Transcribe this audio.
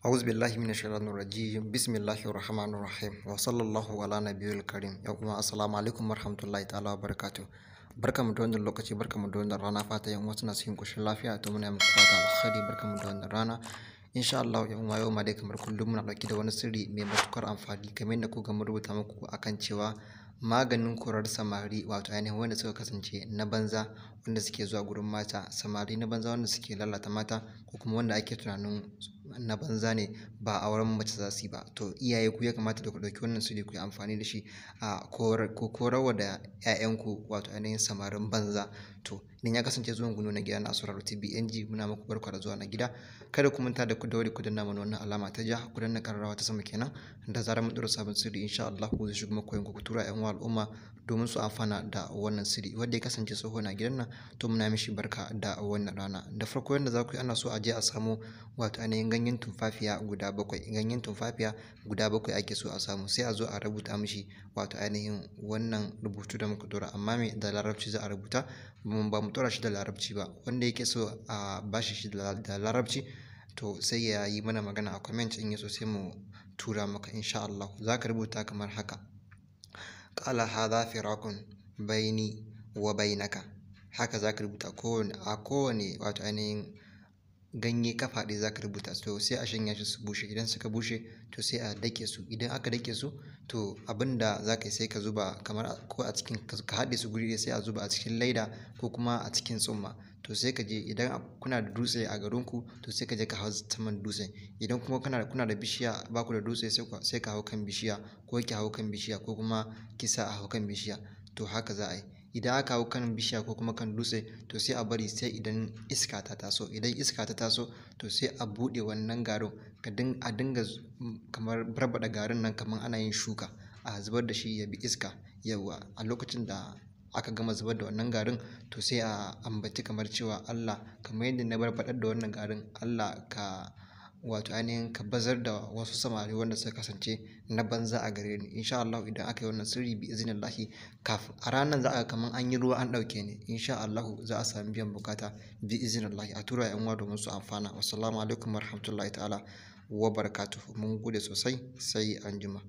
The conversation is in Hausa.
أعوذ بالله من الشيطان الرجيم بسم الله الرحمن الرحيم وصلى barka mu da wannan lokaci barka mu da wannan rana fata yan wasu na cikin koshin lafiya to muna muku fata alkhairi barka mu da wannan rana insha yau ma kamar kullum muna dauke da wani sirri mai matukar amfani game da ku ga mu rubuta muku akan cewa maganin korar samari wato ainihin wanda suka kasance na banza wanda suke zuwa gurin mata samari na banza wanda suke lalata mata ko wanda ake tunanin na banza ne ba a auren mace za su yi ba to iyaye ku ya kamata da ku ɗauki wannan su ku yi amfani da shi a korawa da 'ya'yanku wato ainihin samarin banza to Nan ya kasance zuwan gunu na gida na Asuraru bng muna muku barka da zuwa na gida. Kada ku ta da ku daure ku danna mana wannan alama ta ja ku danna kararrawa ta sama kenan da zarar mun dora sabon sirri insha Allah ku zai shiga muku yanku ku tura 'yan al'umma domin su amfana da wannan sirri wanda ya kasance soho na gidan nan to muna mishi barka da wannan rana. Da farko yanda za ku yi ana so a je a samu wato ainihin ganyen tumfafiya guda bakwai ganyen tumfafiya guda bakwai ake so a samu sai a zo a rubuta mishi wato ainihin wannan rubutu da muka dora amma me da larabci za a rubuta mun ba mu mu shi da larabci ba wanda yake so a bashi shi da larabci to sai ya yi mana magana a comment in yaso sai mu tura maka insha Allah za ka rubuta kamar haka qala hadha firakun baini wa bainaka haka za ka rubuta a kowane wato ainihin ganye kafa ɗaya ka rubuta to sai a shanya shi su bushe idan suka bushe to sai a dake su idan aka dake su to abin da ka yi sai ka zuba kamar ko a cikin ka haɗe su guri sai a zuba a cikin laida ko kuma a cikin tsumma to sai ka je idan kuna da dutse a garinku to sai ka je ka hau saman dutse idan kuma kuna da bishiya ba ku da dutse sai ka hau kan bishiya ko ki hau kan bishiya ko kuma kisa a hau kan bishiya to haka za a yi idan aka hau kan bishiya ko kuma kan dutse to sai a bari sai idan iska ta taso idan iska ta taso to sai a buɗe wannan garin a dinga kamar barbaɗa garin nan kamar ana yin shuka a zubar da shi ya bi iska yawa a lokacin da aka gama zubar da wannan garin to sai a ambaci kamar cewa Allah kamar yadda na barbaɗar da wannan garin Allah ka wato ainihin ka bazar da wasu samari wanda suka kasance na banza a gare ni insha Allah idan aka yi wannan sirri bi iznillahi kafin a ranar za a kaman an yi ruwa an ɗauke ni insha Allah za a sami biyan bukata bi lahi a tura yan uwa domin su amfana wassalamu alaikum warahmatullahi ta'ala wa barakatuhu mun gode sosai sai anjima